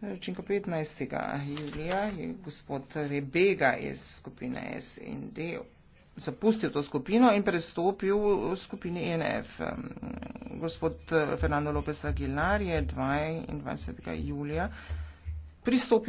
Rečenko 15. julija je gospod Rebega iz skupine SND zapustil to skupino in prestopil v skupini e NF. Um, gospod eh, Fernando López Aguilar je 22. julija pristopil.